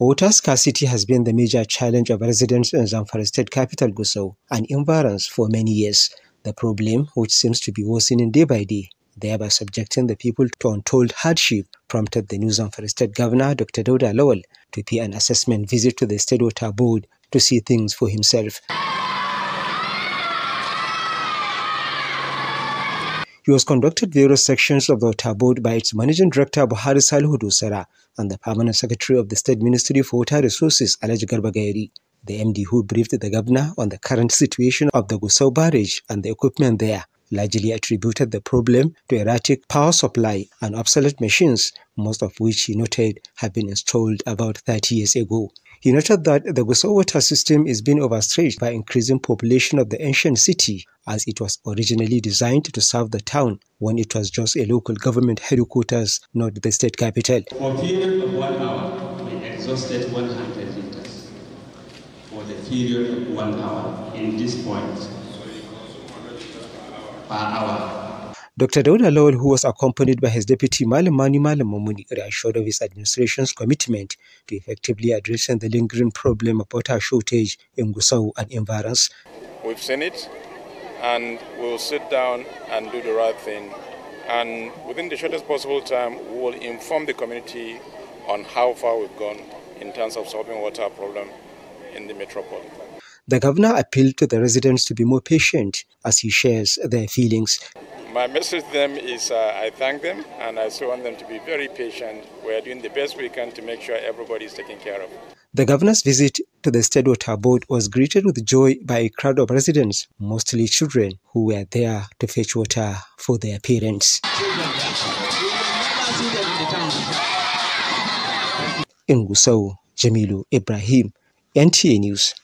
Water scarcity has been the major challenge of residents in Zamfara state capital Gusau and environs for many years. The problem, which seems to be worsening day by day, thereby subjecting the people to untold hardship, prompted the new Zamfara state governor, Dr. Doda Lowell, to pay an assessment visit to the state water board to see things for himself. He was conducted various sections of the water board by its managing director Buhari Salihu dusara and the permanent secretary of the State Ministry for Water Resources Alhaji Garbagayari. The MD who briefed the governor on the current situation of the Gusau barrage and the equipment there largely attributed the problem to erratic power supply and obsolete machines, most of which he noted have been installed about 30 years ago. He noted that the Gusau system is being overstretched by increasing population of the ancient city as it was originally designed to serve the town when it was just a local government headquarters, not the state capital. For a period of one hour, we exhausted 100 liters. For the period of one hour, in this point, per hour Dr. Dauda Lawal, who was accompanied by his deputy Malam Mani Malam Mamuni, reassured of his administration's commitment to effectively addressing the lingering problem of water shortage in Gusau and environs. We've seen it, and we'll sit down and do the right thing. And within the shortest possible time, we will inform the community on how far we've gone in terms of solving water problem in the metropolis. The governor appealed to the residents to be more patient as he shares their feelings. My message to them is uh, I thank them and I want them to be very patient. We are doing the best we can to make sure everybody is taken care of. The governor's visit to the State Water Board was greeted with joy by a crowd of residents, mostly children, who were there to fetch water for their parents. In Gusau, Jamilu Ibrahim, NTA News.